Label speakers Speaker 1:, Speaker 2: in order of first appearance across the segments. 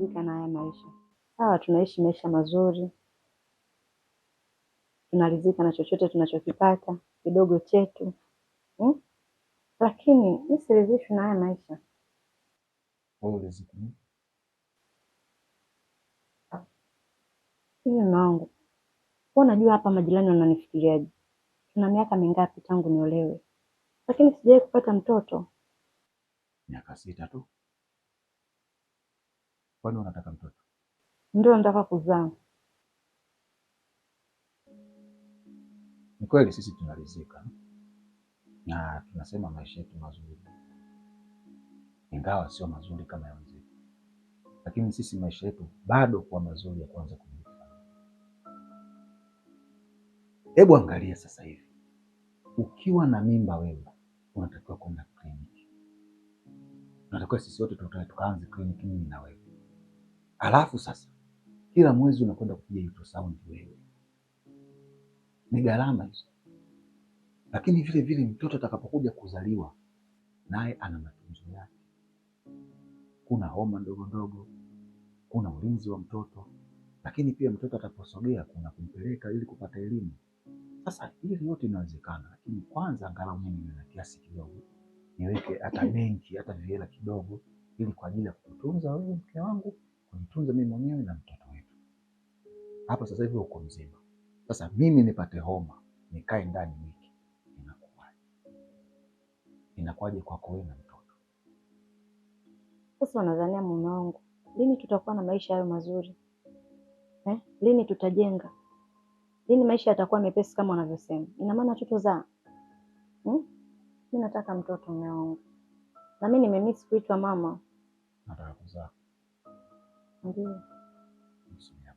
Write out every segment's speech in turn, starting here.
Speaker 1: kuridhika na haya maisha. Sawa, tunaishi maisha mazuri, tunaridhika na chochote tunachokipata kidogo chetu hmm? Lakini mi siridhishwi na haya maisha. Hivi maangu, najua hapa majirani wananifikiriaje? Tuna miaka mingapi tangu niolewe, lakini sijawahi kupata mtoto.
Speaker 2: Miaka sita tu. Kwani unataka mtoto?
Speaker 1: Ndio nataka kuzaa.
Speaker 2: Ni kweli sisi tunarizika na tunasema maisha yetu mazuri, ingawa sio mazuri kama ya wenzetu, lakini sisi maisha yetu bado kuwa mazuri ya kwanza kujulikana. Hebu angalia sasa hivi, ukiwa na mimba wewe unatakiwa kwenda kliniki, unatakiwa sisi wote tukaanze kliniki, mimi na wewe Alafu sasa kila mwezi unakwenda kupiga ultrasound wewe, ni gharama hizo. Lakini vile vile mtoto atakapokuja kuzaliwa naye ana matunzo yake, kuna homa ndogo ndogo, kuna ulinzi wa mtoto, lakini pia mtoto ataposogea kuna kumpeleka ili kupata elimu. Sasa hili yote inawezekana, lakini kwanza angalau mimi nina kiasi kidogo, niweke hata benki hata vihela kidogo, ili kwa ajili ya kukutunza wewe mke wangu kunitunza mimi mwenyewe na mtoto wetu. Hapa sasa hivi uko mzima, sasa mimi nipate homa nikae ndani wiki, inakuwaje? Inakuwaje kwako wewe na mtoto?
Speaker 1: Sasa unadhania mume wangu, lini tutakuwa na maisha hayo mazuri eh? Lini tutajenga? Lini maisha yatakuwa mepesi kama wanavyosema Ina maana tutozaa hmm? Mi nataka mtoto, mume wangu, na mi nimemisi kuitwa mama.
Speaker 2: Nataka kuzaa Maria. Isso mesmo.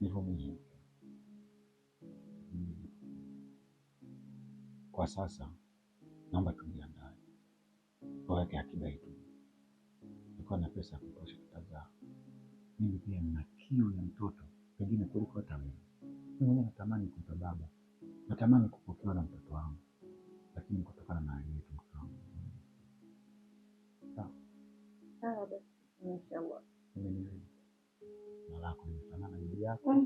Speaker 2: Desenvolvimento. Kwa sasa naomba tujiandae, waweke akiba yetu. Nilikuwa na pesa ya kutosha tutazaa. Mimi pia nina kiu ya mtoto pengine kuliko hata mimi. Mimi mwenyewe natamani kuitwa baba, natamani kupokewa na mtoto wangu, lakini kutokana na hali yetu mtoto wangu. Sawa
Speaker 1: sawa basi, inshallah
Speaker 2: umenelewa na lako limefanana bibi yako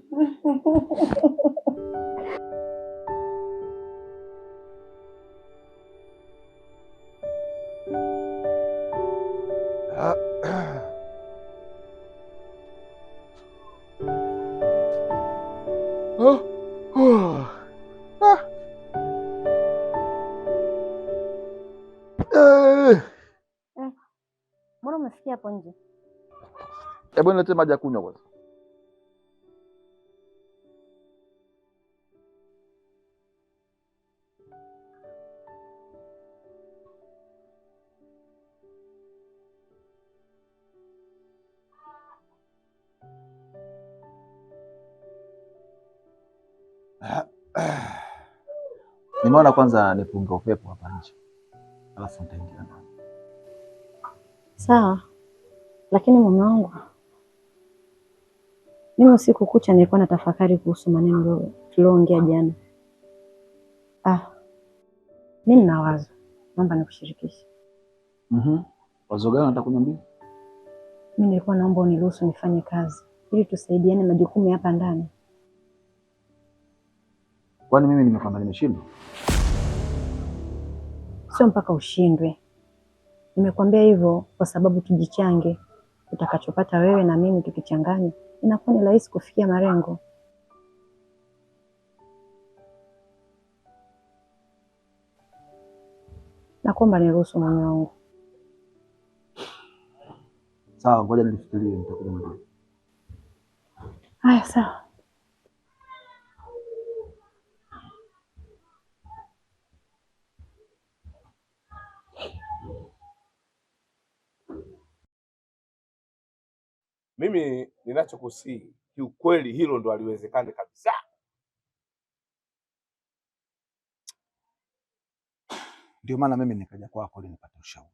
Speaker 2: niletee maji ya kunywa kwanza. Nimeona kwanza nipunge upepo hapa nje, alafu nitaingia ndani.
Speaker 1: Sawa, lakini mume wangu mimi usiku kucha nilikuwa na tafakari kuhusu maneno tulioongea jana. Ah, mi nina wazo, naomba nikushirikishe.
Speaker 2: mm-hmm. Wazo gani nataka kuniambia?
Speaker 1: Mi nilikuwa naomba uniruhusu nifanye kazi ili tusaidiane majukumu hapa ndani.
Speaker 2: Kwani mimi nimefanya nimeshindwa?
Speaker 1: Sio mpaka ushindwe. nimekwambia hivyo kwa sababu tujichange, utakachopata wewe na mimi tukichanganya inakuwa ni rahisi kufikia malengo. Nakuomba niruhusu mume wangu.
Speaker 2: Sawa, ngoja nifikirie, nitakuja
Speaker 1: Haya, sawa.
Speaker 2: Mimi ninachokusii kiukweli, hilo ndo aliwezekane kabisa. Ndio maana mimi nikaja kwako ili nipate ushauri.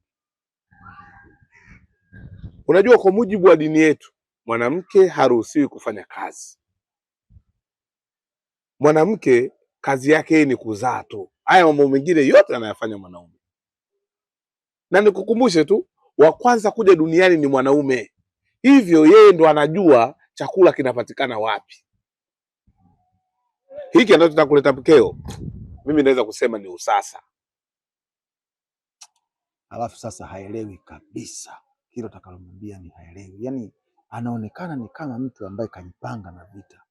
Speaker 2: Unajua, kwa mujibu wa dini yetu mwanamke haruhusiwi kufanya kazi. Mwanamke kazi yake ni kuzaa tu, haya mambo mengine yote anayafanya mwanaume. Na nikukumbushe tu, wa kwanza kuja duniani ni mwanaume. Hivyo yeye ndo anajua chakula kinapatikana wapi. Hiki ambacho tutakuleta mkeo, mimi naweza kusema ni usasa. Alafu sasa haelewi kabisa kile utakalomwambia ni haelewi yani, anaonekana ni kama mtu ambaye kajipanga na vita.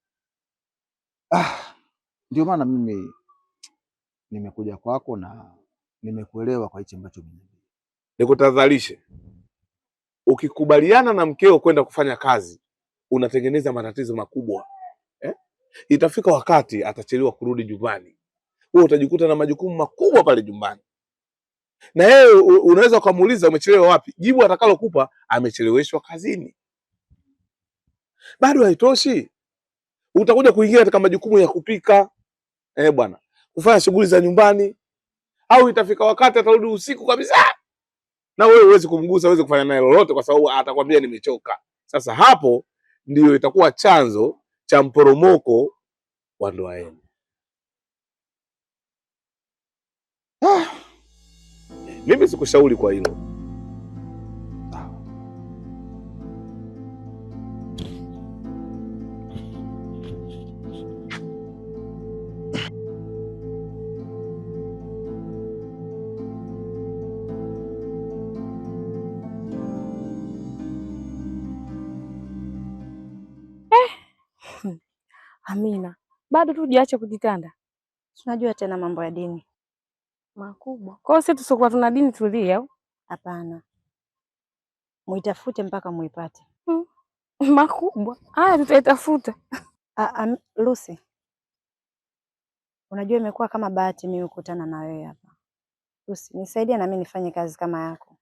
Speaker 2: Ah, ndio maana mimi nimekuja kwako na nimekuelewa kwa hichi ambacho, nikutadhalishe. Ukikubaliana na mkeo kwenda kufanya kazi unatengeneza matatizo makubwa eh? Itafika wakati atachelewa kurudi nyumbani, wewe utajikuta na majukumu makubwa pale nyumbani, na yeye unaweza ukamuuliza umechelewa wapi, jibu atakalokupa amecheleweshwa kazini. Bado haitoshi, utakuja kuingia katika majukumu ya kupika eh, bwana, kufanya shughuli za nyumbani, au itafika wakati atarudi usiku kabisa na wewe huwezi kumgusa, huwezi kufanya naye lolote, kwa sababu atakwambia nimechoka. Sasa hapo ndiyo itakuwa chanzo cha mporomoko wa ndoa yenu. Ah, mimi sikushauri kwa hilo.
Speaker 3: Amina, bado tu hujaacha kujitanda.
Speaker 1: Tunajua tena mambo ya dini makubwa.
Speaker 3: Kwa hiyo sisi tusiokuwa tuna dini tulii au
Speaker 1: hapana? Muitafute mpaka muipate.
Speaker 3: Hmm. Makubwa haya tutaitafuta.
Speaker 1: Lucy, unajua imekuwa kama bahati mimi kukutana na wewe hapa. Lucy, nisaidie na mimi nifanye kazi kama yako.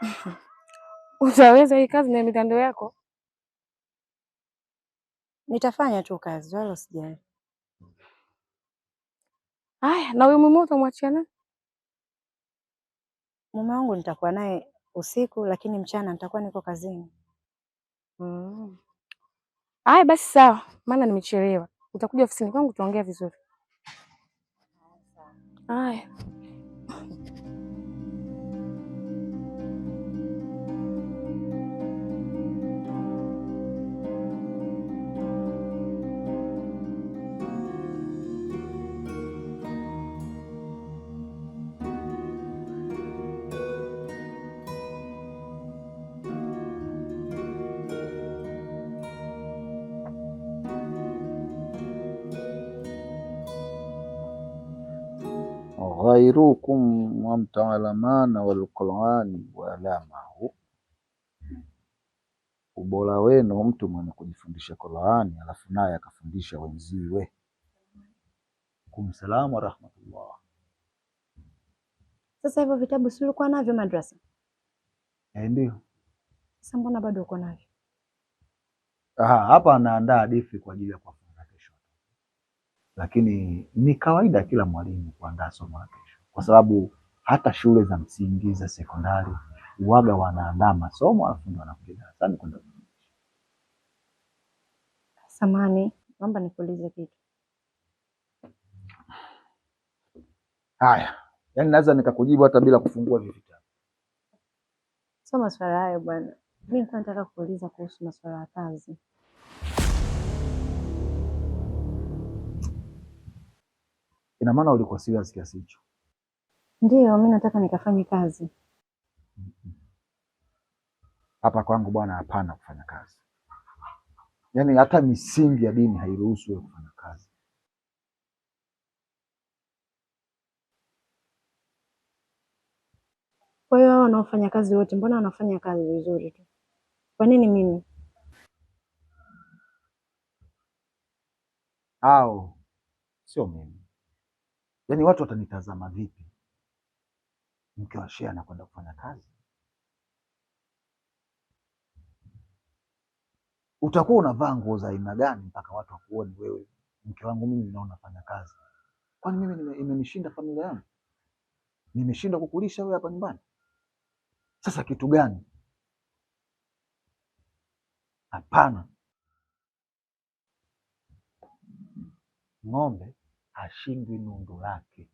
Speaker 3: Utaweza hii kazi na mitandao yako?
Speaker 1: Nitafanya tu kazi wala usijali.
Speaker 3: Haya, na huyu mume utamwachia nani?
Speaker 1: Mume wangu nitakuwa naye usiku, lakini mchana nitakuwa niko kazini.
Speaker 3: Mm. Haya basi sawa, maana nimechelewa. Utakuja ofisini kwangu tuongea vizuri. Haya.
Speaker 2: خيركم من تعلمنا walqurani waalamahu, ubora wenu mtu mwenye kujifundisha Qurani alafu naye akafundisha wenziwe. kum wa rahmatullah.
Speaker 1: Sasa hivyo vitabu si ulikuwa navyo madrasa? Eh, ndio. Sasa mbona bado uko navyo?
Speaker 2: Aha, hapa anaandaa hadithi kwa ajili ya lakini ni kawaida kila mwalimu kuandaa somo la kesho, kwa sababu hata shule za msingi za sekondari uwaga wanaandaa masomo alafu ndio wanakuja darasani kwenda.
Speaker 1: Samani, naomba nikuulize kitu.
Speaker 2: Haya, yani naweza nikakujibu hata bila kufungua hivi vitabu.
Speaker 1: Sio maswala hayo bwana, mimi nataka kuuliza kuhusu maswala ya kazi.
Speaker 2: Ina maana ulikuwa serious kiasi hicho?
Speaker 1: Ndio, mimi nataka nikafanye kazi
Speaker 2: hapa kwangu bwana, hapana kufanya kazi. Yaani hata misingi ya dini hairuhusu wewe kufanya kazi.
Speaker 1: Kwa hiyo hao wanaofanya kazi wote, mbona wanafanya kazi vizuri tu? Kwa nini mimi?
Speaker 2: Au sio mimi. Yaani watu watanitazama vipi? Mke wa shehe anakwenda kufanya kazi. Utakuwa unavaa nguo za aina gani mpaka watu wakuone wewe, mke wangu mimi nao nafanya kazi? Kwani mimi imenishinda familia yangu? Nimeshindwa kukulisha wewe hapa nyumbani? Sasa kitu gani? Hapana. Ng'ombe hashindwi nundu lake.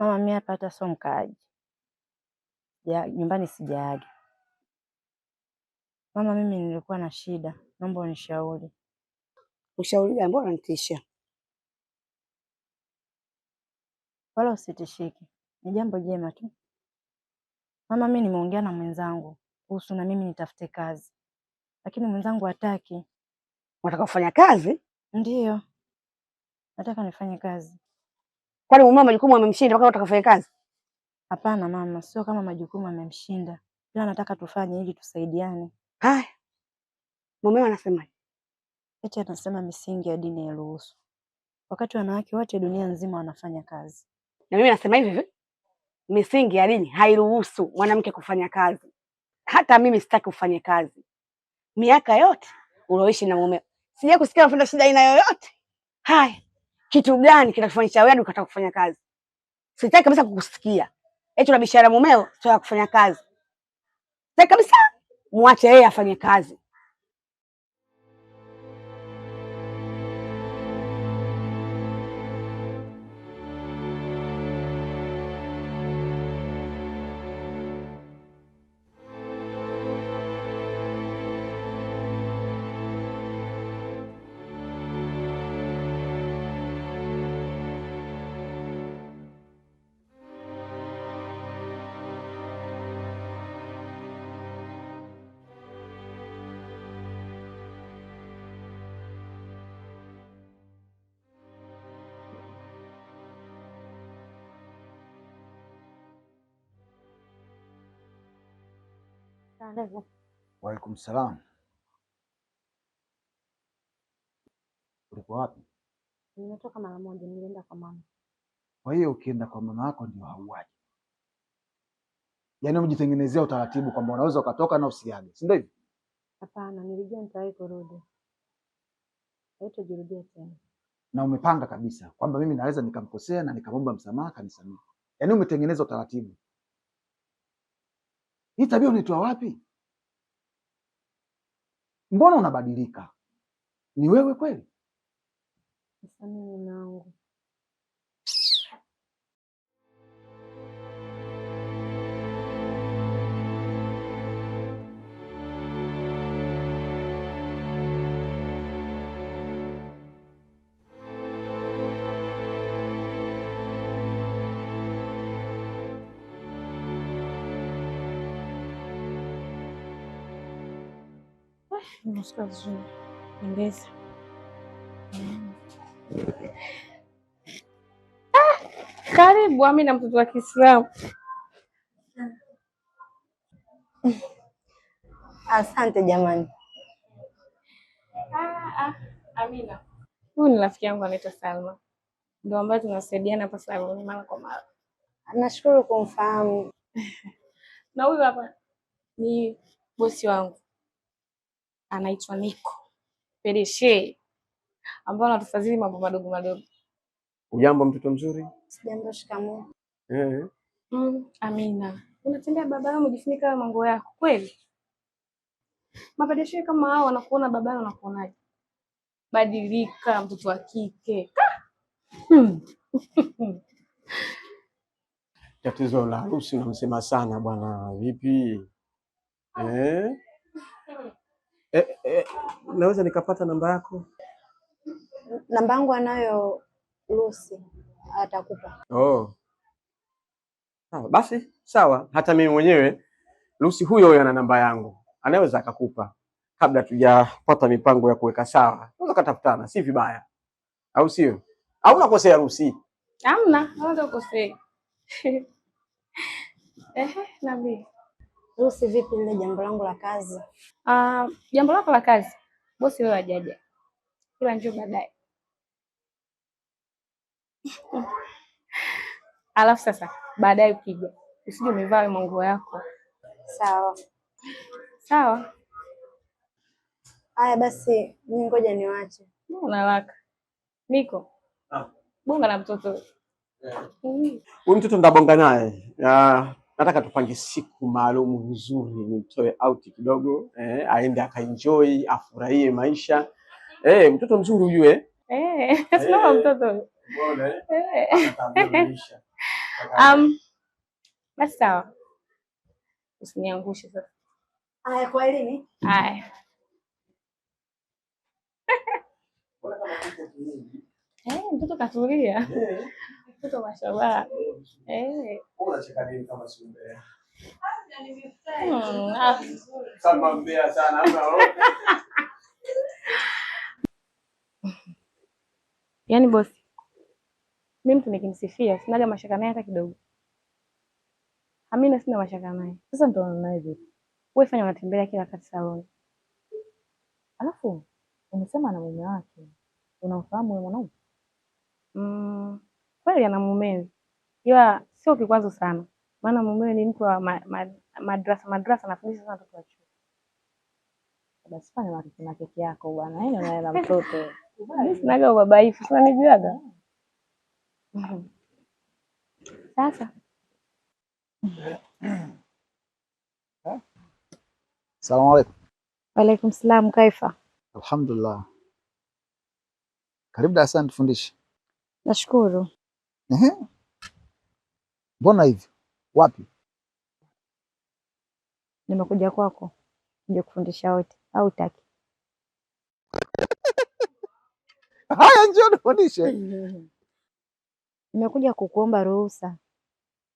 Speaker 1: Mama, mimi hapa hata so mkaaji nyumbani sijaaga Mama, mimi nilikuwa na shida, naomba unishauri.
Speaker 3: Ushauri gani? Mbona unanitishia?
Speaker 1: Wala usitishike, ni jambo jema tu. Mama, mimi nimeongea na mwenzangu kuhusu na mimi nitafute kazi, lakini mwenzangu hataki.
Speaker 3: Unataka kufanya kazi?
Speaker 1: Ndiyo, nataka nifanye kazi.
Speaker 3: Kwani mama majukumu amemshinda mpaka unataka kufanya kazi?
Speaker 1: Hapana mama, sio kama majukumu amemshinda, ila nataka tufanye ili tusaidiane.
Speaker 3: Haya, mumeo anasema
Speaker 1: eti anasema misingi ya dini hairuhusu, wakati wanawake wote dunia nzima wanafanya kazi,
Speaker 3: na mimi nasema hivi hivi, misingi ya dini hairuhusu mwanamke kufanya kazi. Hata mimi sitaki kufanya kazi. Miaka yote uloishi na mumeo sija kusikia unapata shida aina yoyote. Haya, kitu gani kinakufanyisha wewe ukataka kufanya kazi? Sitaki kabisa kukusikia eti una unabishana mumeo sitaki kufanya kazi, sitaki kabisa. Moate aí a fanyakazi
Speaker 1: Salamu.
Speaker 2: Waalaikum salam. Ulikuwa wapi?
Speaker 1: Nimetoka mara moja, nilienda kwa mama.
Speaker 2: Kwa hiyo ukienda kwa mama yako ndio hauaji, yaani umejitengenezea utaratibu kwamba unaweza ukatoka na usiage, si ndio hivyo?
Speaker 1: Hapana, nilijua nitawahi kurudi, haitajirudia tena.
Speaker 2: Na umepanga kabisa kwamba mimi naweza nikamkosea na nikamomba msamaha kanisamehe, yaani umetengeneza utaratibu hii tabia unaitoa wapi? Mbona unabadilika? Ni wewe kweli?
Speaker 1: Sasa
Speaker 3: Unasikia vizuri? Ongeza. Karibu Amina, mtoto wa Kiislamu.
Speaker 1: Asante jamani.
Speaker 3: Amina. Huyu ni rafiki yangu anaitwa Salma, ndio ambaye tunasaidiana hapa saluni mara kwa mara.
Speaker 1: Nashukuru kumfahamu.
Speaker 3: Na huyu hapa ni bosi wangu anaitwa Niko Pedeshe ambao anatufadhili mambo madogo madogo.
Speaker 2: Ujambo mtoto mzuri?
Speaker 1: Sijambo. Shikamoo.
Speaker 2: Eh.
Speaker 3: Mm, Amina, unatembea baba yao umejifunika mango yako kweli? Mapedeshe kama hao wanakuona baba yao wanakuonaje? Badilika mtoto wa kike. Hmm.
Speaker 2: Tatizo la harusi namsema sana bwana, vipi eh? eh, eh, naweza nikapata namba yako?
Speaker 1: Namba yangu anayo Lucy, atakupa.
Speaker 2: Oh. Sawa basi, sawa. Hata mimi mwenyewe Lucy huyo huyo ana namba yangu, anaweza akakupa kabla tujapata mipango ya kuweka sawa, unaweza katafutana, si vibaya, au sio? Au unakosea Rusi?
Speaker 3: Hamna, kukosea. Ehe, nabii
Speaker 1: Bosi vipi lile jambo langu la kazi?
Speaker 3: Uh, jambo lako la kazi bosi wewe ajaja, ila njoo baadaye. Alafu sasa baadaye ukija usije umevaa manguo yako. Sawa sawa.
Speaker 1: Haya basi, mimi ngoja niwache.
Speaker 3: Unalaka niko ah. bonga na mtoto eh.
Speaker 2: huyu, yeah. mm. mtoto ndabonga naye ah nataka tupange siku maalumu nzuri, nimtoe out kidogo eh, aende akaenjoy afurahie maisha eh, mtoto mzuri huyu eh
Speaker 3: eh, eh mtoto eh? Eh. um, basi sawa, usiniangushe sasa.
Speaker 1: Haya, kwa elimi
Speaker 3: haya mtoto katulia mtoto wa shabaha eh. hmm,
Speaker 2: ah.
Speaker 1: Yaani bosi, mi mtu nikimsifia sinaga mashaka naye hata kidogo. Amina, sina mashaka naye. Sasa ndo naye vipi? Wewe fanya unatembelea kila wakati saloni, alafu umesema na mume wake. Unamfahamu wewe mwanaume?
Speaker 3: Mm kweli ana mumewe, ila sio kikwazo sana, maana mumewe ni mtu wa ma, ma, madrasa madrasa, anafundisha sana watoto wa chuo.
Speaker 1: Basi fanya marafiki na keki yako bwana, yeye anaye na mtoto mimi sinaga ubabaifu sana, nijuaga sasa Salamu alaikum. Waalaikum salam, kaifa?
Speaker 2: Alhamdulillah. Karibu darasani tufundishe.
Speaker 1: Nashukuru.
Speaker 2: Ehe, mbona hivyo? Wapi?
Speaker 1: Nimekuja kwako nje kufundisha wote, au utaki?
Speaker 2: Haya, njoo nifundishe.
Speaker 1: Nimekuja kukuomba ruhusa,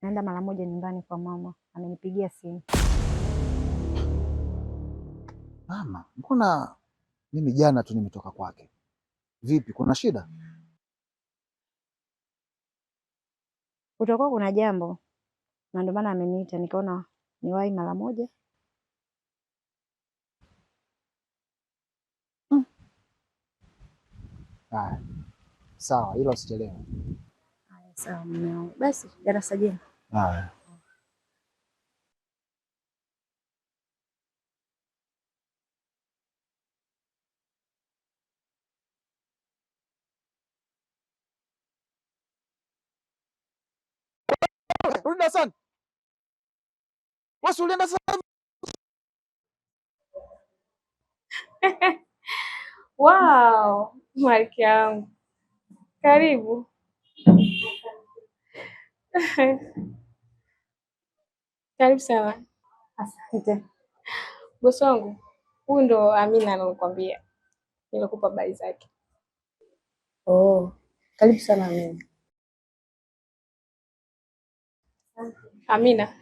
Speaker 1: naenda mara moja nyumbani kwa mama, amenipigia simu.
Speaker 2: Mama, mbona mimi jana tu nimetoka kwake. Vipi, kuna shida?
Speaker 1: utakuwa kuna jambo, na ndio maana ameniita, nikaona niwahi mara moja.
Speaker 2: sawa, hilo usichelewe.
Speaker 1: sawa mmeo, Basi darasa jema.
Speaker 2: Haya.
Speaker 3: Hassan? Wewe ulienda sasa Wow, malkia yangu karibu. Karibu sana.
Speaker 1: Asante
Speaker 3: bosi wangu. Huyu ndo Amina anakuambia. nilikupa habari zake.
Speaker 1: Oh, karibu sana Amina.
Speaker 3: Amina,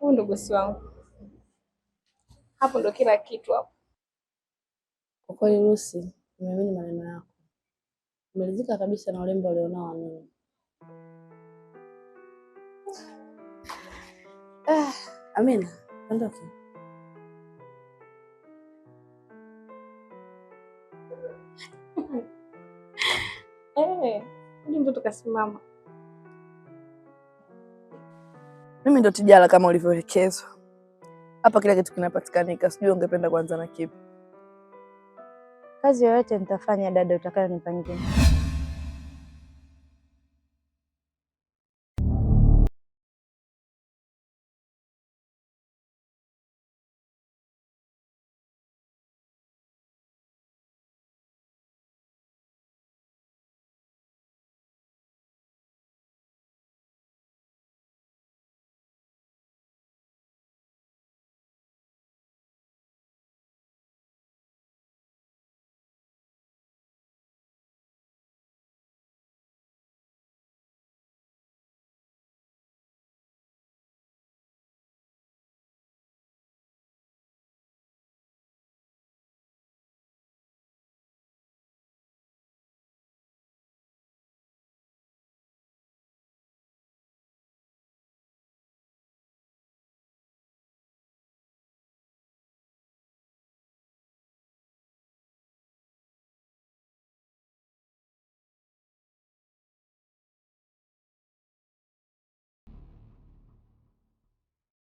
Speaker 3: huyu ndo bosi wangu, hapo ndo kila kitu hapo.
Speaker 1: Kwa kweli Lucy, nimeamini maneno yako, nimeridhika kabisa na urembo alionao Amina. Ah, Amina, ondoke.
Speaker 3: Eh, hey, mtoto kasimama. Mimi ndo Tijala kama ulivyoelekezwa. Hapa kila kitu kinapatikanika, sijui ungependa kuanza na kipi?
Speaker 1: Kazi yoyote nitafanya dada, utakayo